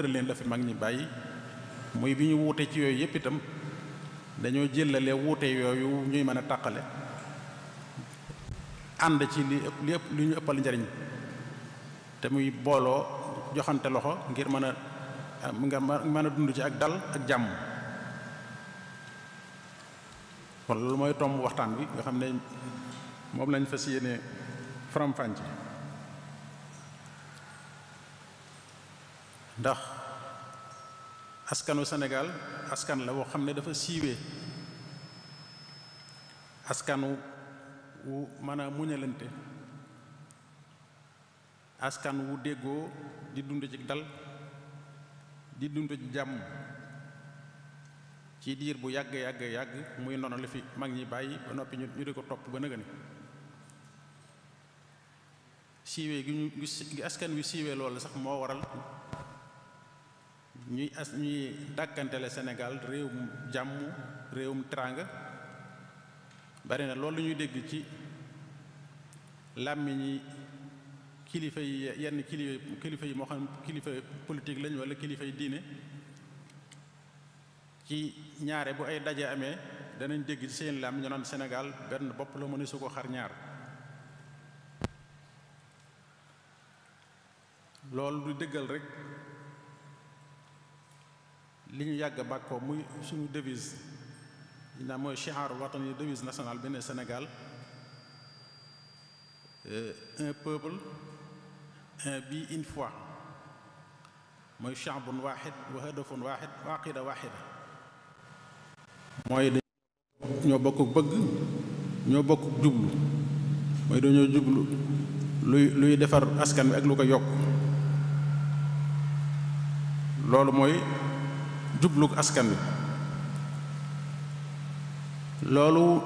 tëraleen la mag ñi bàyyi muy bi ñu wuute ci yooyu yëpp itam dañoo jëlale wuute yooyu ñuy mën a tàqale ànd ci li ëpp li ñu ëppal njariñ te muy booloo joxante loxo ngir mën a nga mën a dund ci ak dal ak jàmm kon loolu mooy tomb waxtaan bi nga xam ne moom lañ fas yéene faram-fànce ndax askanu Sénégal askan la woo xam ne dafa siiwee askanu wu mën a muñalante askan wu déggoo di dund ci dal di dund ci jàmm ci diir bu yàgg yàgg yàgg muy nono fi mag ñi bàyyi ba noppi ñu di ko topp ba nëgëni siiwee gi askan wi siiwee loolu sax moo waral ñuy as ñuy dàkkantele Sénégal réewum jàmm réewum teraanga bari na loolu ñuy dégg ci làmmiñ yi kilifa yi yenn kilifa yi moo xam kilifa politique lañ wala kilifa yi diine ci ñaare bu ay daje amee danañ dégg ci seen làmmiñ ñu naan Sénégal benn bopp la mëne su ko xar ñaar loolu du dëggal rek li ñu yàgg bàkkoo muy suñu devise naa mooy chiar watani devise nationale bi ne Sénégal euh, un peuple un but une mooy shaabun waaxid wa hadafun waaxid wa aqida waaxida mooy dañ ñoo bokk bëgg ñoo bokk jublu mooy dañoo jublu luy luy defar askan bi ak lu ko yokk loolu mooy jublu askan wi loolu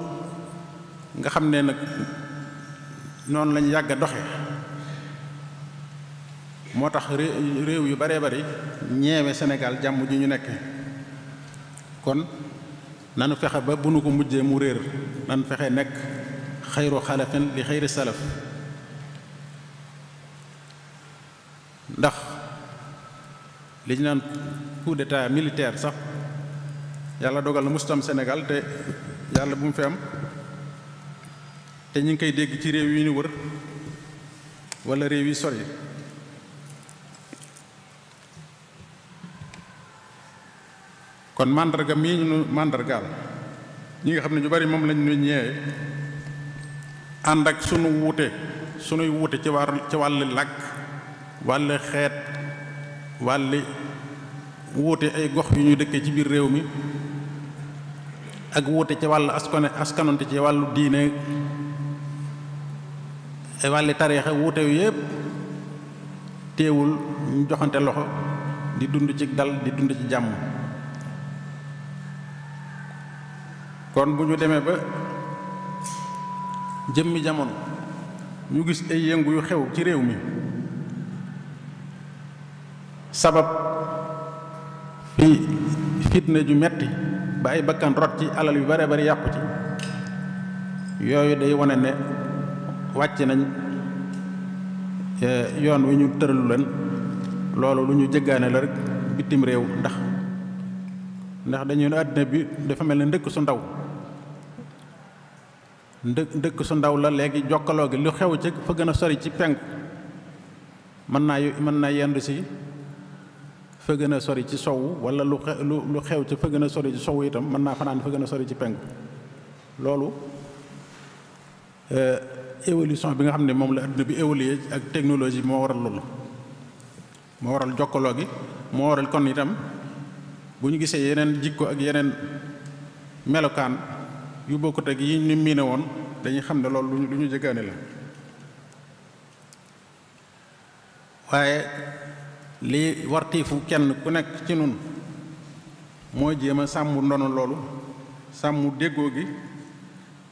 nga xam ne nag noonu lañ yàgg a doxe moo tax réew yu baree bari ñeewe senegal jàmm ji ñu nekk kon nanu fexe ba bu nu ko mujjee mu réer nanu fexe nekk xayru xalafin li xayri salaf ndax li ñu naan coup d'état militaire sax yàlla dogal na mustam Sénégal te yàlla bu mu fi am te ñu ngi koy dégg ci réew yi ñu wër wala réew yi sori kon màndarga mii ñu màndargaal ñi nga xam ne ñu bari moom lañu ñu ñeewe ànd ak sunu wuute sunuy wuute ci wàllu ci wàllu làkk wàllu xeet wàllu wuute ay gox yu ñu dëkkee ci biir réew mi ak wuute ci wàll askane askanonte ci wàllu diine wàlli tariixa wuute yu yëpp teewul ñu joxante loxo di dund ci dal di dund ci jàmm kon bu ñu demee ba jëmmi jamono ñu gis ay yëngu yu xew ci réew mi sabab di fitna ju metti ba ay bakkan rot ci alal yu bare bari yàqu ci yooyu day wane ne wàcc nañ e, yoon wi ñu tëralu leen loolu lu ñu jëggaane la rek bitim réew ndax ndax dañuy ne àddina bi dafa mel ne ndëkk su ndaw ndëkk ndëkk su ndaw la léegi jokkaloo gi lu xew ci fa gën a sori ci penku mën naa mën naa yendu si fa na sori ci sowu wala lu lu xew ci fa na sori ci sowu itam mën naa fanaan fa na sori ci penku loolu euh, évolution bi nga xam ne moom la adduna bi évolué ak technologie moo waral loolu moo waral jokkaloo gi moo waral kon itam bu ñu gisee yeneen jikko ak yeneen melokaan yu bokkut ak yi ñu woon dañuy xam ne loolu lu ñu jëkkaane la waaye li wartiifu kenn ku nekk ci nun mooy jéem a sàmm ndono loolu sàmmu déggoo gi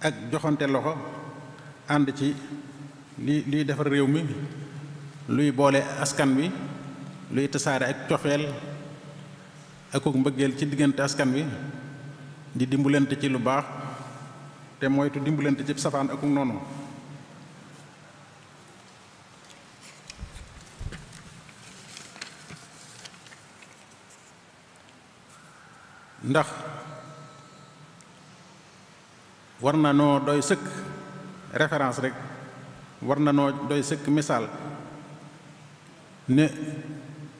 ak joxante loxo ànd ci li liy defar réew mi luy boole askan wi luy tasaare ak cofeel ak mbëggeel ci diggante askan wi di dimbalante ci lu baax te moytu dimbalante ci safaan ak noonu ndax war na noo doy sëkk référence rek war na noo doy sëkk misaal ne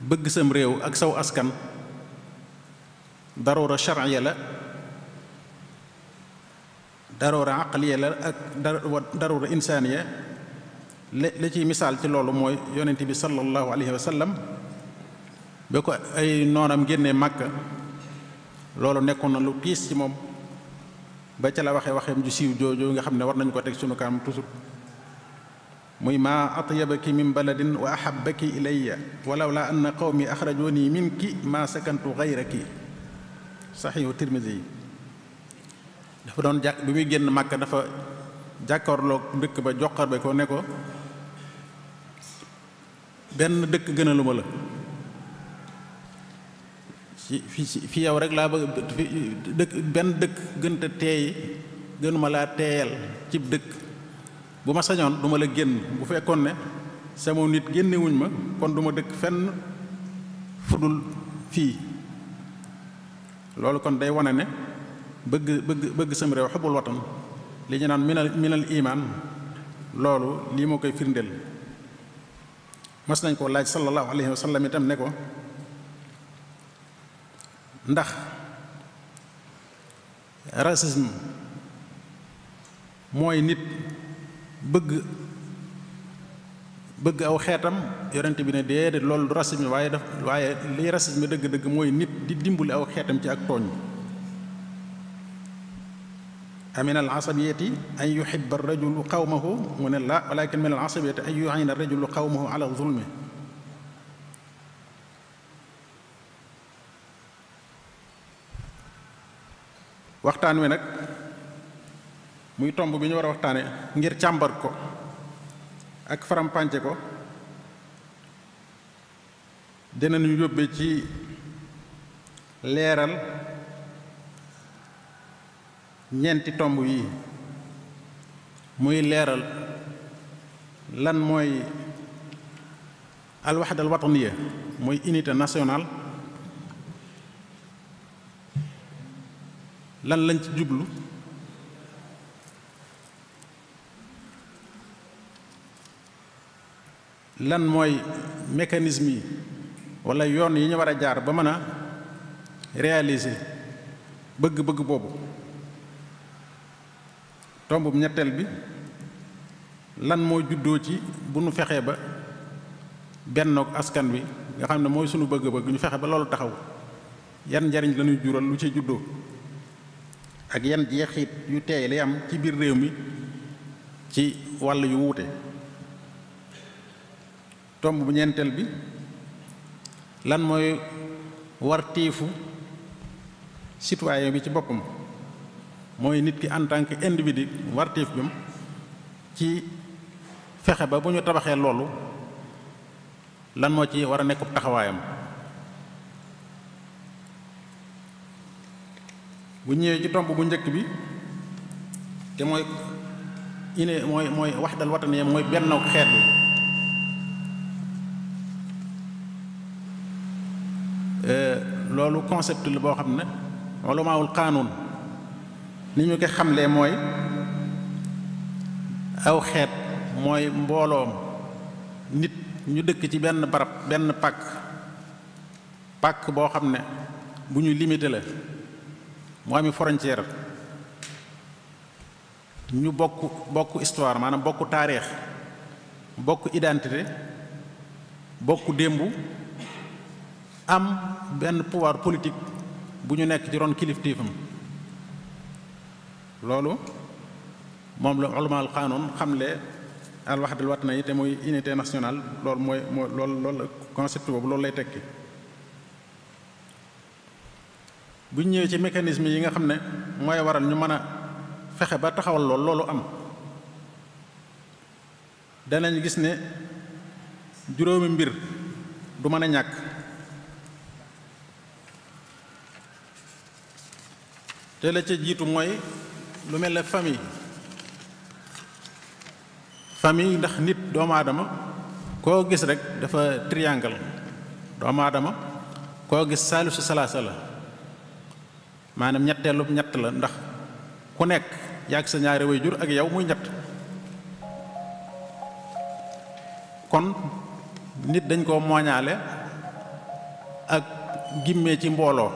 bëgg sam réew ak saw askan daroora charia la daroora aqliya la ak daroora insaaniya la la ciy misaal ci loolu mooy yonent bi sallallahu alayhi wa sallam ba ko ay noonam génnee màkka loolu nekkoon na lu tiis ci moom ba ca la waxee waxeem ju siiw jooju nga xam ne war nañu ko teg sunu kanam toujours muy maa atyabaki min baladin wa ahabbaki na walaw mi anna qawmi axrajuni ki maa sakantu gayraki saxiixu tirmisi yi dafa doon jàkk bi muy génn màkk dafa jàkkaarloog dëkk ba joxar ba ko ne ko benn dëkk gënaluma la ci fi fi yow rek laa bëgg dëkk benn dëkk gënta teey gënuma laa teeyal cib dëkk bu ma sañoon duma la génn bu fekkoon ne sama nit génnewuñ ma kon duma dëkk fenn fudul fii loolu kon day wane ne bëgg bëgg bëgg réew xubul watan li ñu naan minal minal iman loolu lii moo koy firndeel mas nañ ko laaj sallallahu alayhi wa sallam itam ne ko ndax racisme mooy nit bëgg bëgg aw xeetam yonent bi ne déedéet loolu du racisme waaye daf waaye liy racisme dëgg-dëgg mooy nit di dimbali aw xeetam ci ak tooñ amin al asabiyati an yuhibba rajulu qawmahu mu ne la walakin min al asabiyati an yuhina rajulu qawmahu ala zulmi waxtaan wi nag muy tomb bi ñu war a waxtaane ngir càmbar ko ak faram-pànce ko ñu yóbbe ci leeral ñeenti tomb yi muy leeral lan mooy alwaxda alwataniya mooy unité nationale lan lañ ci jublu lan mooy mécanisme yi walla yoon yi ñu war a jaar ba mën a réaliser bëgg-bëgg boobu tombub ñetteel bi lan moo juddoo ci bu nu fexee ba bennoog askan wi nga xam ne mooy sunu bëgg-bëgg ñu fexe ba loolu taxaw yan njariñ lañuy jural lu ci juddoo ak yan jeexit yu teey lay am ci biir réew mi ci wàll yu wuute tomb bu ñeenteel bi lan mooy wartiifu citoyen bi ci boppam mooy nit ki en tant que individu wartiif bi ci fexe ba bu ñu tabaxee loolu lan moo ci war a nekkub taxawaayam bu ñëwee ci tomb bu njëkk bi te mooy ine mooy mooy waxdal wataniya mooy benn xeet bi euh, loolu concept la boo xam ne ulamaawul qaanuun ni ñu ko xamlee mooy aw xeet mooy mbooloom nit ñu dëkk ci benn barab benn pàkk pàkk boo xam ne bu ñu limité la mu ami frontière ñu bokk bokk histoire maanaam bokk taarix bokk identité bokk démb am benn pouvoir politique bu ñu nekk ci ron kilifteefam loolu moom la ulamaal xaanoon xamle al wahdatul wataniya te muy unité nationale loolu mooy mooy loolu la concept boobu loolu lay tekki bu ñëwee ci mécanisme yi nga xam ne mooy waral ñu mën a fexe ba taxawal lool loolu am danañu gis ne juróomi mbir du mën a ñàkk te la ca jiitu mooy lu mel ne famille famille ndax nit doomu aadama koo gis rek dafa triangle doomu aadama koo gis saalu si salaasa la maanaam ñetteelub ñett la ndax ku nekk yàgg sa ñaari way jur ak yow muy ñett kon nit dañ koo mooñaale ak gimmee ci mbooloo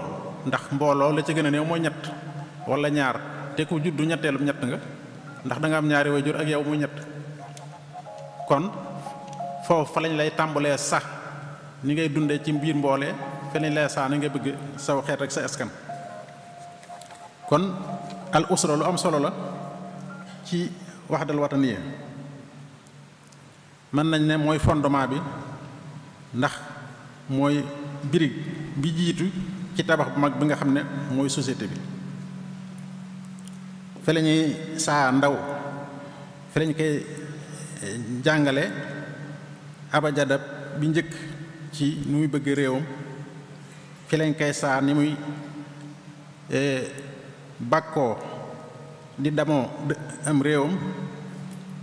ndax mbooloo la ci gën a néew mooy ñett wala ñaar te ku juddu ñetteelub ñett nga ndax danga am ñaari way jur ak yow muy ñett kon foofu fa lañ lay tàmbalee sax ni ngay dundee ci biir mboole fa lañ lay sax ni nga bëgg saw xeet rek sa askan kon al usra lu am solo la ci wax waxdal wataniya mën nañ ne mooy fondement bi ndax mooy birig bi jiitu ci tabax bu mag bi nga xam ne mooy société bi fe la saa ndaw fe lañ koy eh, jàngale abajadab bi njëkk ci ni muy bëgg réewam fi lañ koy saa ni muy eh, bakkoo di damoo am réewam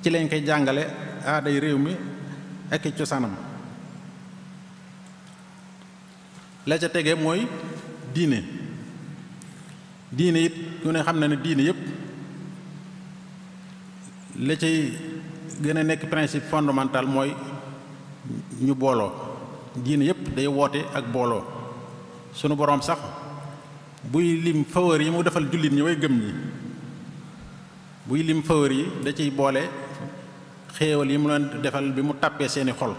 ci lañ koy jàngale aaday réew mi ak cosaanam la ca tege mooy diine diine it ñu ne xam na ne diine yépp la cay gën a nekk principe fondamental mooy ñu booloo diine yépp day woote ak booloo sunu boroom sax buy lim faveur yi mu defal jullit ñi way gëm ñi buy lim faveur yi da ciy boole xéewal yi mu leen defal bi mu tàppee seeni xol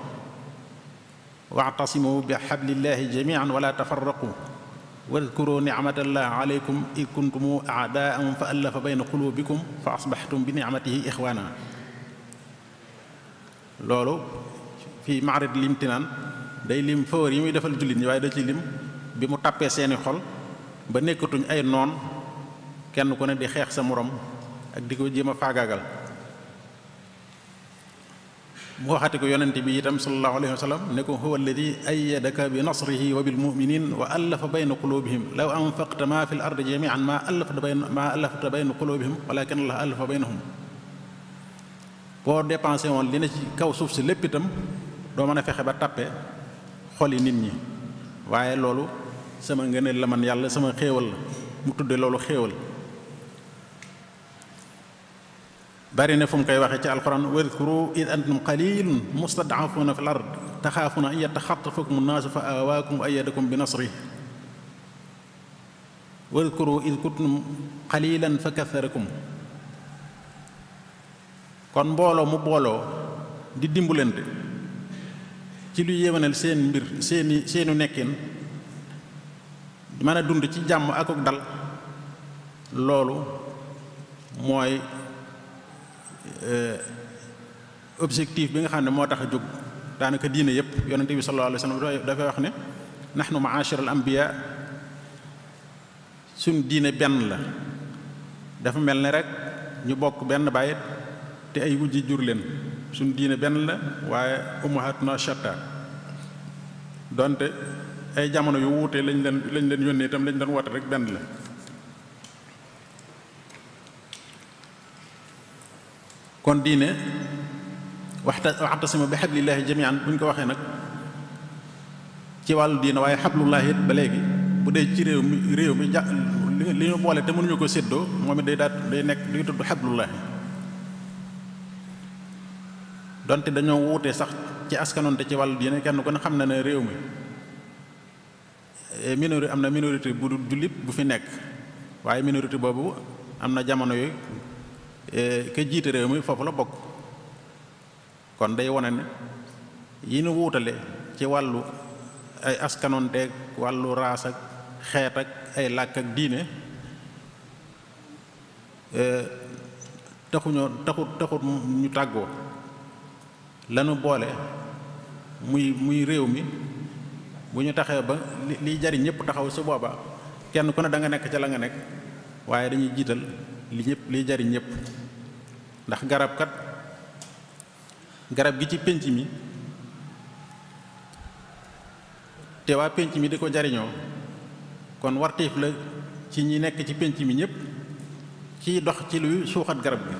wa'tasimu bi hablillahi jami'an wala tafarraqu wadkuru bi ni'matihi ixwaana loolu fii maarid limtinaan day lim faveur yi muy defal jullit waaye da ci lim bi mu tàppee seeni xol ba nekkatuñ ay noon kenn ku ne di xeex sa morom ak di ko jéem a faagaagal mu waxati ko yonent bi itam sallallahu alayhi wa sallam ne ko huwa alladi ayyadaka bi nasrihi wa bil muminin wa allafa bayna qulubihim law anfaqta ma fi l ardi jamian ma allafta bayna ma allafta bayna qulubihim walakin allah boo dépensé woon li na ci kaw suuf si lépp itam doo mën a fexe ba tàppe xoli nit ñi waaye loolu sama ngëneel la man yàlla sama xéewal la mu tudde loolu xéewal bari na fu mu koy waxee ci alquran wadkuru id antum qalilun mustadafuna fi l ard taxaafuna an yataxatafakum naasu fa awaakum wa ayadakum bi nasri wadkuru id kuntum qalilan fa katharakum kon mbooloo mu booloo di dimbalante ci lu yéwénal seen mbir seeni seenu nekkin man a dund ci jàmm akuk dal loolu mooy euh, objectif bi nga xam ne moo tax a jóg daanaka diine yépp yonente bi sallallahu alayhi wa sallam dafay wax ne nahnu ma'ashir al anbiya suñ diine benn la dafa mel ne rek ñu bokk benn bàyyit te ay wujji jur leen suñ diine benn la waaye ummahatuna shatta donte ay jamono yu wuute lañ leen lañ leen yónnee itam lañ doon woote rek benn la kon diine waxta waxtasima bi xablillaahi jamian bu ñu ko waxee nag ci wàllu diine waaye xablullaahi it ba léegi bu dee ci réew mi réew mi ja li ñu boole te mënuñu ko séddoo moom it day daal day nekk day tudd xablullaahi donte dañoo wuute sax ci askanoonte ci wàllu diine kenn ku ne xam na ne réew mi Eh, minorité am na minorité bu dul jullit bu fi nekk waaye minorité boobu am na jamono yooyu eh, ke jiite réew mi foofu la bokk kon day wane ne yi nu wuutale ci wàllu ay askanonteeg wàllu raas ak xeet ak ay làkk ak diine eh, taxuñoo taxut taxut ñu tàggoo lanu boole muy muy réew mi bu ñu taxee ba li liy jariñ ñëpp taxaw su booba kenn ku ne danga nekk ca la nga nekk waaye dañuy jiital li ñëpp liy jariñ ñëpp ndax garab kat garab gi ci pénc mi te waa pénc mi di ko jariñoo kon wartiif la ci ñi nekk ci pénc mi ñëpp ciy dox ci luy suuxat garab gi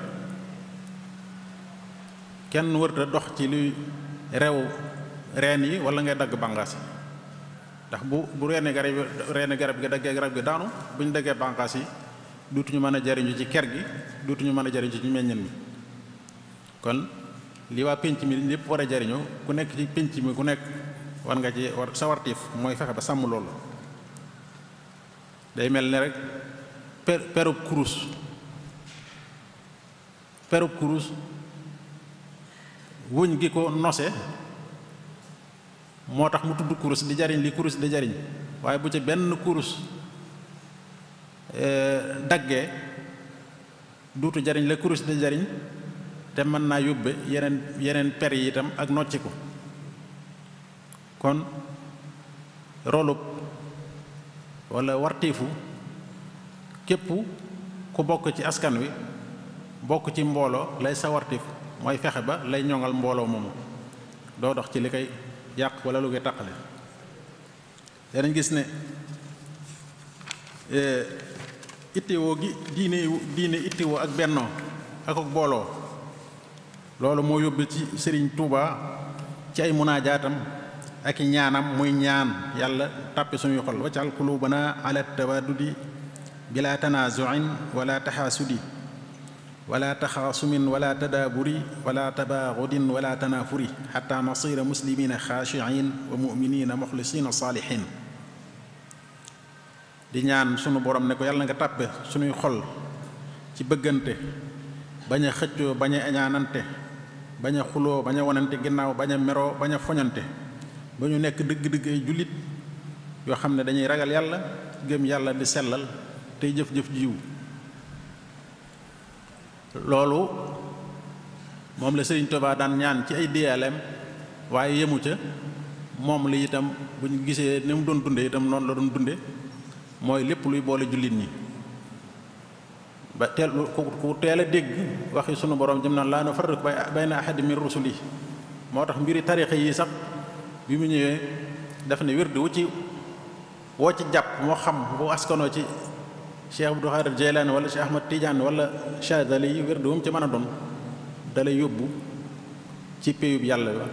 kenn wërta dox ci luy rew reen yi wala ngay dagg bàngaas ndax bu bu reeni garab garab gi daggee garab gi daanu bu ñu daggee bànqaas yi duutuñu mën a jariñu ci ker gi duutuñu mën a jariñu ci meññeen mi kon li waa pénc mi lépp war a jariñoo ku nekk ci pénc mi ku nekk war nga ci sa wartiif mooy fexe ba sàmm loolu day mel ni rek per perub kurus perub kurus wuñ gi ko nose moo tax mu tudd kurus di jariñ li kurus di jariñ waaye bu ci benn kurus eh, daggee duutu jariñ la kurus di jariñ te mën naa yóbbe yeneen yeneen per yi itam ak nocci ko kon rolub walla wartiifu képp ku bokk ci askan wi bokk ci mbooloo lay sa mooy fexe ba lay ñoŋal mbooloo moomu doo dox ci li koy yàq wala lu koy tàqale gis ne eh, ittiwoo gi diine diine ittiwoo ak bennoo ak ak booloo loolu moo yóbbu ci Sëriñ Tuuba ci ay munaajaatam ak i ñaanam muy ñaan yàlla tàppe suñuy xol waccal qulubana ala tawaddudi bila tanazuin wala taxaasudi wala taxaasumin wala tadaaburi wala tabaaxudin wala tanaafuri xataa nasiira muslimiina xaashiin wa muminiina muxlisiina saalixiin di ñaan sunu borom ne ko yàlla nga tàppe sunuy xol ci bëggante bañ a xëccoo bañ a añaanante bañ a xuloo bañ a wonante ginnaaw bañ a meroo bañ a foñante ba ñu nekk dëgg-dëgg ay jullit yoo xam ne dañuy ragal yàlla gëm yàlla di sellal tey jëf-jëf jiw loolu moom la Sëriñ Tuubaa daan ñaan ci ay diyaaleem waaye yemu ca moom la itam bu ñu gisee ni mu doon dunde itam noonu la doon dunde mooy lépp luy boole jullit ñi ba teel ku teel a dégg waxi sunu borom jëm na laa nu farriqu bayna ahadin min rusuli moo tax mbiri tarixa yi sax bi mu ñëwee daf ne wér di wu ci woo ci jàpp moo xam bu askanoo ci Cheikh Abdou Xaadir Jeylaani wala Cheikh Ahmad Tidiane wala Chazali wérdu mu ci mën a doon dalay yóbbu ci péyub yàlla la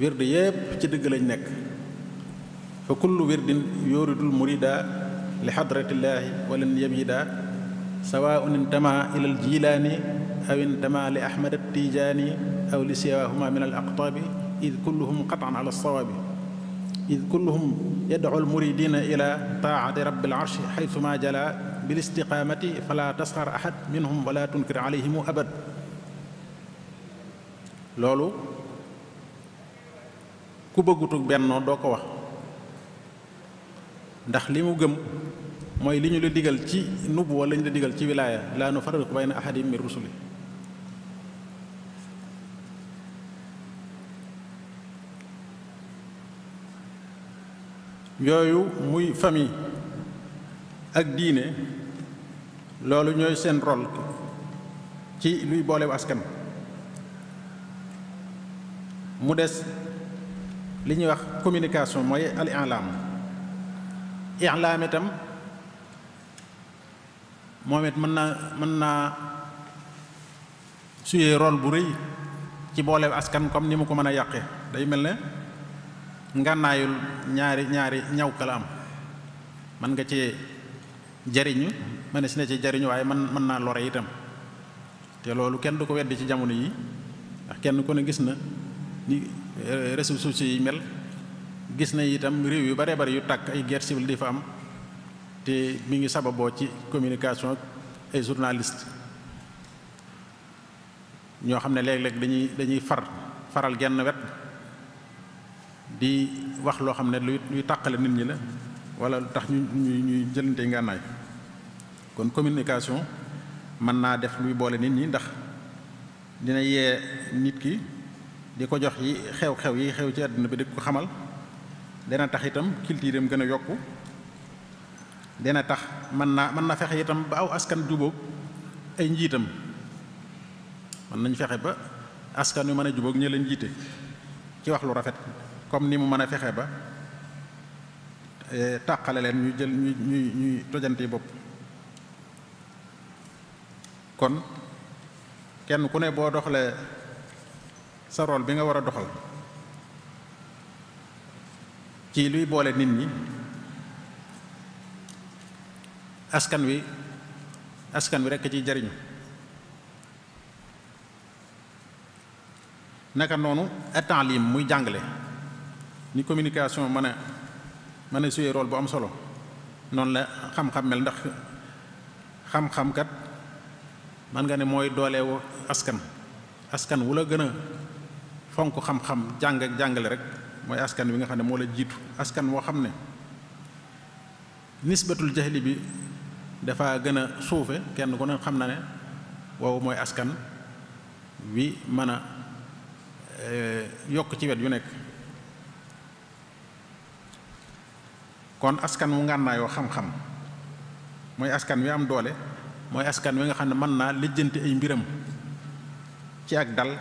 wérdu yépp ci dëgg lañ nekk fa kullu wirdin yóoridul murida li xadratillaahi walan yabida sawaun intama ila al aw intama li ahmad tijaani aw li siwahuma min al aqtaabi id kulluhum qatan ala alsawaabi id kulluhum yadcu almuridina ila taati rabbil arshi xaytuma jala bilistiqaamati fala tasxar ahad minhum wala tunkir alayhimu abad loolu ku bëggutug bennoo doo ko wax ndax li mu gëm mooy li ñu la digal ci nubuwa lañu la digal ci wilaaya laa nufarriqu bayna ahadin min rusuli yooyu muy famille ak diine loolu ñooy seen rôle ci luy boolew askan mu des li ñuy wax communication mooy al i'laam i'laam itam moom it mën naa mën naa suyee rôle bu rëy ci boolew askan comme ni mu ko mën a yàqe day mel ne ngànnaayul ñaari ñaari ñawka la am mën nga cee jariñu mën na si ne ci jariñu waaye man mën naa lore itam te loolu kenn du ko weddi ci jamono yi ndax kenn ku ne gis na ni eh, réseaux sociaux yi mel gis na itam réew yu bare bare yu tàkk ay guerre civile di fa am te mi ngi sababoo ci communication ak ay journaliste ñoo xam ne léeg-léeg dañuy dañuy far faral genn wet di wax loo xam ne luy luy tàqale nit ñi la wala lu tax ñu ñu ñuy jëlante ngànnaay kon communication mën naa def luy boole nit ñi ndax dina yee nit ki di ko jox yi xew-xew yi xew ci àdduna bi di ko xamal dina tax itam culture am gën a yokku dina tax man naa mën na fexe itam ba aw askan jubóog ay njiitam mën nañ fexe ba askan yu mën a jubóog ñi leen jiite ci wax lu rafet comme ni mu mën a fexe ba eh, tàqale leen ñu jël ñu ñuy ñuy tojante bopp kon kenn ku ne boo doxalee sa rôle bi nga war a doxal ci luy boole nit ñi askan wi askan wi rekk ci jariñu naka noonu attenlim muy jàngale ni communication mën a mën a suyee rôle bu am solo noonu la xam-xam mel ndax xam-xam kat mën nga ne mooy dooleewu askan askan wu la gën a fonk xam-xam jàng ak jàngale rek mooy askan wi nga xam ne moo la jiitu askan woo xam ne nisbatul jahli bi dafa gën a suufe kenn ku ne xam na ne woowu mooy askan wi mën a eh, yokk ci wet yu nekk kon askan wu ngànnaayoo xam-xam mooy askan wi am doole mooy askan wi nga xam ne mën naa lijjanti ay mbiram ci ak dal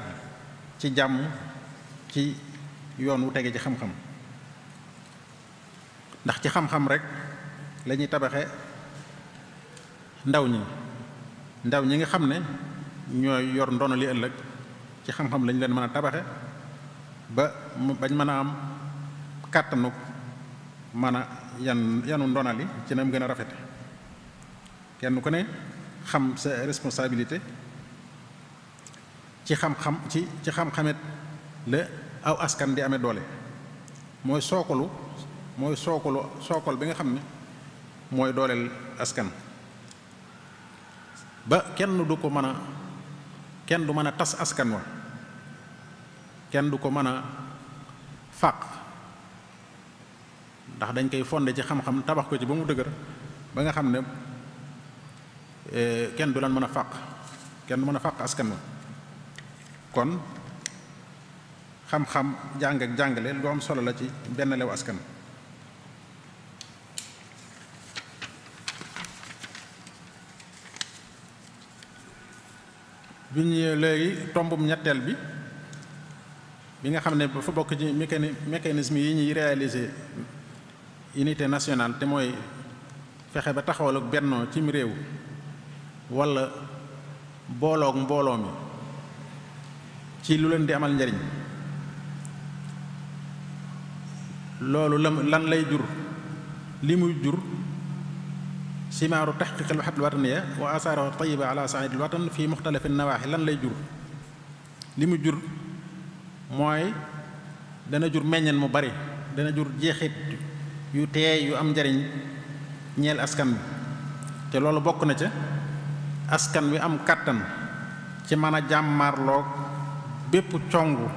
ci jàmm ci yoon wu tege ci xam-xam ndax ci xam-xam rek la ñuy tabaxe ndaw ñi ndaw ñi nga xam ne ñooy yor ndono li ëllëg ci xam-xam lañ leen mën a tabaxe ba bañ mën a am kàttanu mën a yan yanu ndonali ci mu gën a rafete kenn ku ne xam sa responsabilité ci xam-xam ci ci xam-xamet la aw askan di ame doole mooy sookalu mooy sookalu sookal bi nga xam ne mooy dooleel askan ba kenn du ko mën a kenn du mën a tas askan wa kenn du ko mën a fàq ndax dañ koy fonde ci xam-xam tabax ko ci ba mu dëgër ba nga xam ne e, kenn du lan mën a fàq kenn du mën a fàq askan wi kon xam-xam jàng ak jàngale lu am solo la ci benn lew askan bi ñu léegi tombum ñetteel bi bi nga xam ne dafa bokk ci mécanisme yi ñuy réaliser unité nationale te mooy fexe ba taxawal ak bennoo cim réew wala booloog mbooloo mi ci lu leen di amal njariñ loolu lam lan lay jur li muy jur simaaru taxqiq al mahabba al wataniya wa asaarahu tayiba ala said al watan fi muxtalifi nawaaxi lan lay jur li mu jur mooy dana jur meññeen mu bari dana jur jeexit yu teey yu am njariñ ñeel askan bi te loolu bokk na ca askan wi am kàttan ci mën a jàmmarloog bépp congu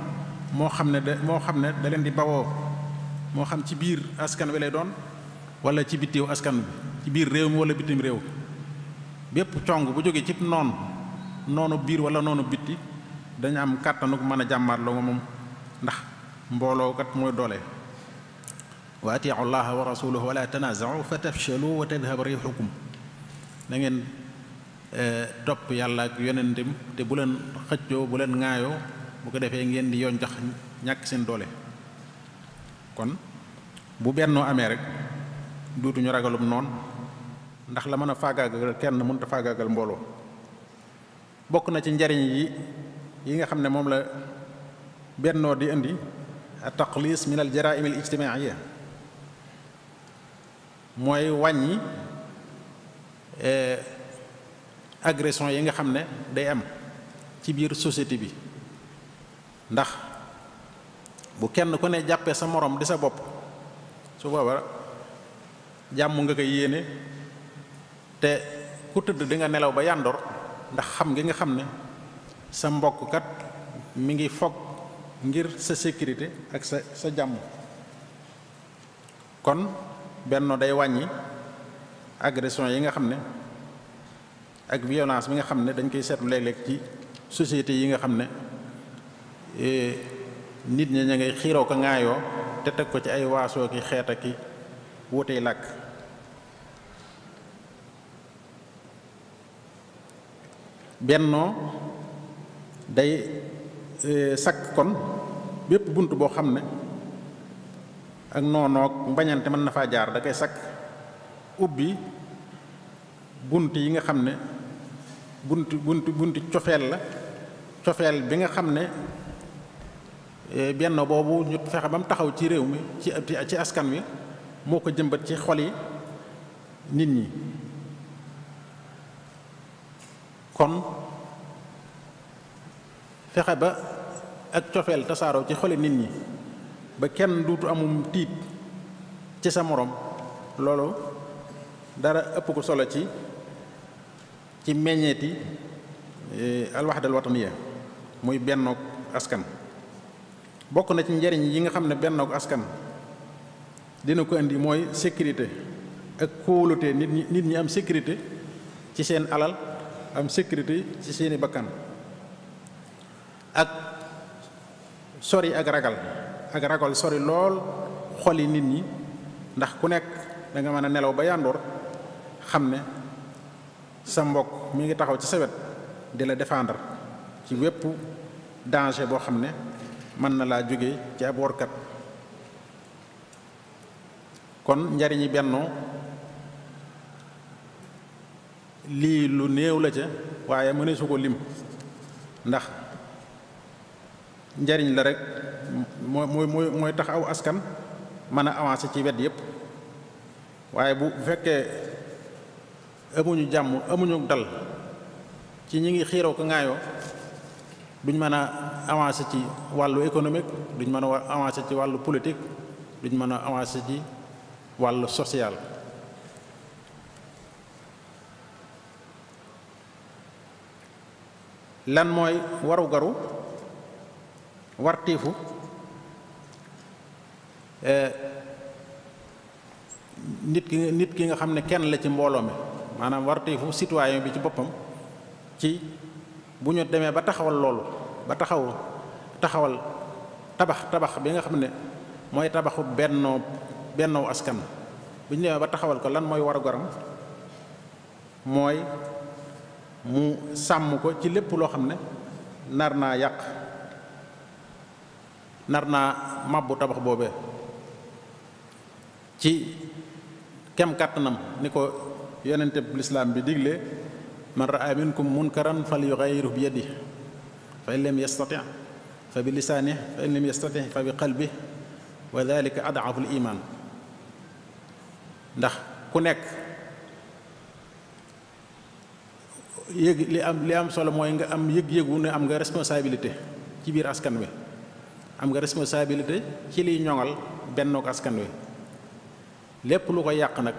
moo xam ne da moo xam ne da leen di bawoo moo xam ci biir askan wi lay doon wala ci bitiw askan wi ci biir réew mi walla bitim réew bépp cong bu jóge cib noon noonu biir wala noonu bitti dañu am kàttanuk mën a jàmmarloo moom ndax mboolookat mooy doole wa atiu llaha wa rasulahu wala tanazau fa tafchalu wa tadhab rixukum na ngeen e, topp yàlla ak yonentam te bu leen xëccoo bu leen ŋaayoo bu ko defee ngeen di yoon jax ñàkk seen doole kon bu bennoo amee rek duutuñu ragalum noon ndax la mën a faagaagal kenn mënta a mbooloo bokk na ci njariñ yi yi nga xam ne moom la bennoo di indi a taqlis min al jaraim al ijtimaaiya mooy wàññi eh, agression yi nga xam ne day am ci biir société bi ndax bu kenn ku ne jàppee sa morom di sa bopp su booba jàmm nga ko yéene te ku tëdd dinga nelaw ba yàndoor ndax xam gi nga xam ne sa mbokk kat mi ngi foog ngir sa sécurité ak sa sa jàmm kon benno day wàññi agression yi nga xam ne ak violence bi nga xam ne dañ koy seetlu léeg-léeg ci société yi nga xam ne e, nit ñi ña ngay xiiroo ko ŋaayoo te teg ko ci ay waasoo ki xeet ki wutey làkk bennoo day e, sakk kon bépp bunt boo xam ne ak noonoog mbañante mën na faa jaar da koy sakk ubbi bunt yi nga xam ne bunt bunt bunt cofeel la cofeel bi nga xam ne eh, benn boobu ñu fexe ba mu taxaw ci réew mi ci ci askan wi moo ko jëmbat ci xol yi nit ñi kon fexe ba ak cofeel tasaaroo ci xoli nit ñi ba kenn duutu amum tiit ci sa morom loolu dara ëpp ko solo ci ci meññeeti eh, alwaxdal wataniya muy bennoog askan bokk na ci njariñ yi nga xam ne bennoog askan dina ko indi mooy sécurité ak kóolute nit ñi nit ñi am sécurité ci seen alal am sécurité ci seeni bakkan ak sori ak ragal ak ragal sori lool xoli nit ñi ndax ku nekk da nga mën a nelaw ba yàndoor xam ne sa mbokk mi ngi taxaw ci sawet di la défendre ci wépp danger boo xam ne mën na laa jóge ci ab workat kon njariñi bennoo lii lu néew la ca waaye mëneesu ko lim ndax njariñ la rek mooy mooy mooy tax aw askan mën a avancer ci wet yépp waaye bu bu fekkee amuñu jàmm amuñu dal ci ñi ngi xiiroo ko ŋaayoo duñ mën a avancer ci wàllu économique duñ mën a avancer ci wàllu politique duñ mën a avancer ci wàllu social lan mooy waru garu wartiifu Eh, nit ki nit ki nga xam ne kenn la ci mbooloo mi maanaam warteefu citoyen bi ci boppam ci bu ñu demee ba taxawal loolu ba taxaw taxawal tabax tabax bi nga xam ne mooy tabaxu bennoo bennoo askan bu ñu demee ba taxawal ko lan mooy war a goram mooy mu sàmm ko ci lépp loo xam ne nar naa yàq nar naa màbbu tabax boobee ci kem kàttanam ni ko yonente bu lislaam bi digle man raa minkum munkaran fal yuxayiru bi yadi fa in yastati fa bi lisaani fa in yastati fa bi qalbi wa dalika adaful iman ndax ku nekk yëg li am li am solo mooy nga am yëg-yëg wu ne am nga responsabilité ci biir askan wi am nga responsabilité ci liy ñoŋal bennook askan wi lépp lu ko yàq nag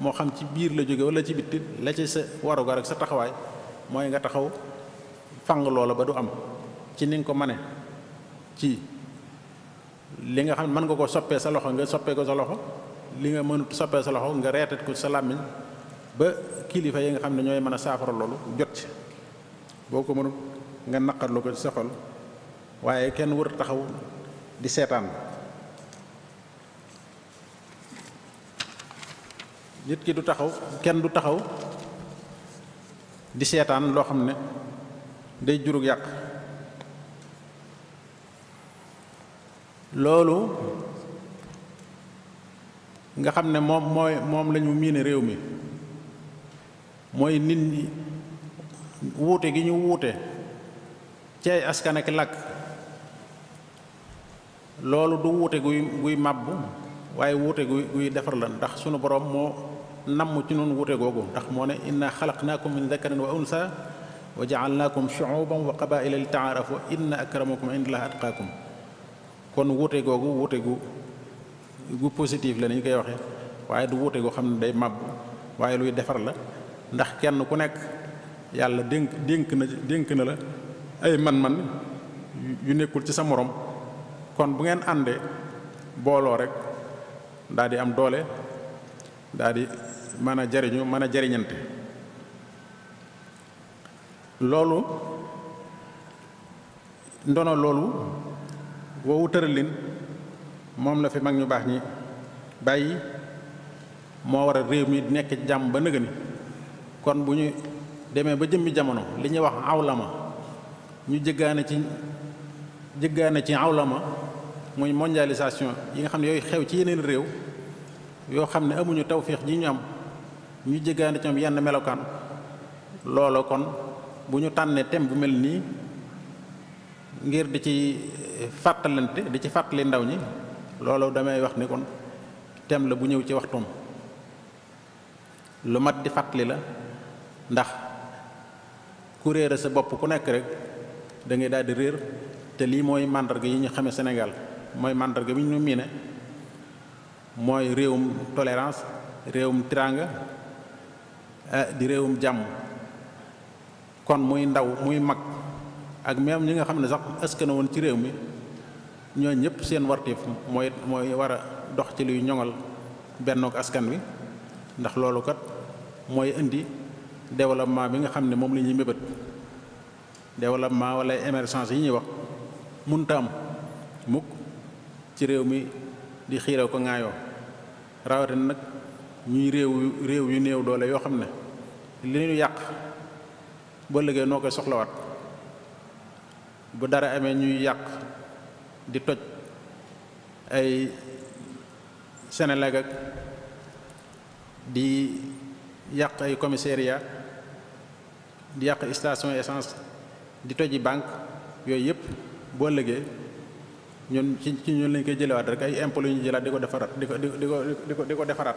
moo xam ci biir la jóge wala ci bitti la ci sa warugar ak sa taxawaay mooy nga taxaw fang loola ba du am ci ni ko mane ci li nga xam mën nga ko soppee sa loxo nga soppee ko sa loxo li nga mënut soppee sa loxo nga reetat ko sa làmmiñ ba kilifa yi nga xam ne ñooy mën a saafara loolu jot ci boo ko mënut nga naqarlu ko ci sa xol waaye kenn wër taxaw di seetaan nit ki du taxaw kenn du taxaw di seetaan loo xam ne day jurug yàq loolu nga xam ne moom mooy moom la miine réew mi mooy nit ñi wuute gi ñu wuute ci ay askan ak làkk loolu du wuute guy guy màbb waaye wuute guy guy defar la ndax sunu boroom moo namm ci noonu wute googu ndax moo ne indi naa inna xalaqnaakum min dakarin wa unsa wa jaalnaakum shuuban wa qabaila li taarafu inna akramakum indallahi atqaakum kon wuute googu wuute gu gu positif la ni ñu koy waxee waaye du wuute gu xam ne day màbb waaye luy defar la ndax kenn ku nekk yàlla dénk dénk na dénk na la ay man-man yu nekkul ci sa morom kon bu ngeen àndee booloo rek daal di am doole daal di a jariñu mën a jariñante loolu ndono loolu woowu tëralin moom la fi mag ñu baax ñi bàyyi moo waral réew mi nekk jàmm ba nëgëni kon bu ñu demee ba jëmmi jamono li ñuy wax awlama ñu jëggaane ci jëggaane ci awlama muy mondialisation yi nga xam ne yooyu xew ci yeneen réew yoo xam ne amuñu tawféex ji ñu ñu jéggaani ñoom yenn melokaan looloo kon bu ñu tànnee tem bu mel nii ngir di ci fàttalante di ci fàttali ndaw ñi looloo damay wax ni kon tem la bu ñëw ci waxtum lu mat di fàttali la ndax ku réere sa bopp ku nekk rek dangay ngay daal di réer te lii mooy màndarga yi ñu xame senegal mooy màndarga bi ñu miine mooy réewum tolérance réewum tiranga eh, di réewum jàmm kon muy ndaw muy mag ak même li nga xam ne sax askan woon ci réew mi ñoo ñëpp seen wartiif mooy mooy war a dox ci luy ñoŋal bennook askan wi ndax loolu kat mooy indi développement bi nga xam ne moom la ñuy mébét développement wala émergence yi ñuy wax munta am mukk ci réew mi di xiiroo ko ŋaayoo rawatin nag ñuy réew réew yu néew doole yoo xam ne li ñu yàq boo liggéey noo koy soxlawaat bu dara amee ñuy yàq di toj ay Sénégal ak di yàq ay commissariat di yàq station essence di toji banque yooyu yëpp boo liggéey ñun ci ci ñun lañ koy jëlewaat rek ay impôts yu ñu jëlaat di ko defaraat di ko di ko di ko di ko defaraat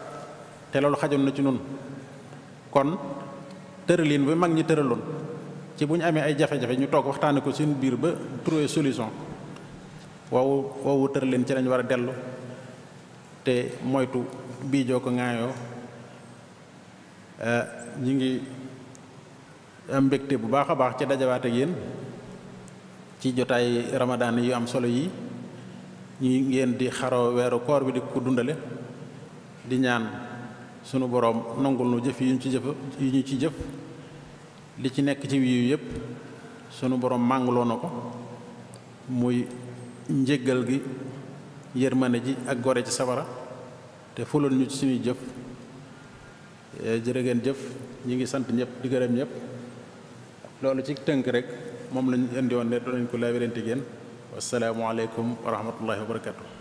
te loolu xajoon na ci noonu kon tëralin bi mag ñi tëraloon ci bu ñu amee ay jafe-jafe ñu toog waxtaane ko seen biir ba trouver solution wawu wawu tëralin ci lañ war a dellu te moytu biijoo joo ko ŋaayoo eh, ñu ngi mbegte bu baax a baax ci dajawaat ak yéen ci jotaay ramadaan yu am solo yii ñi ngeen di xaroo weeru koor bi di ko dundale di ñaan sunu boroom nangul nu jëf yi ñu ci jëf yi ñu ci jëf li ci nekk ci wiyu yépp sunu boroom màngloo ko muy njëgal gi yërmande ji ak gore ci safara te fulal ñu ci suñuy jëf eh, jërë ngeen jëf ñu ngi sant ñëpp di gërëm ñëpp loolu ci tënk rek moom lañu indi woon ne doon nañ ko laabirante génn wassalaamu aleykum wa rahmatullahi wa barakatuh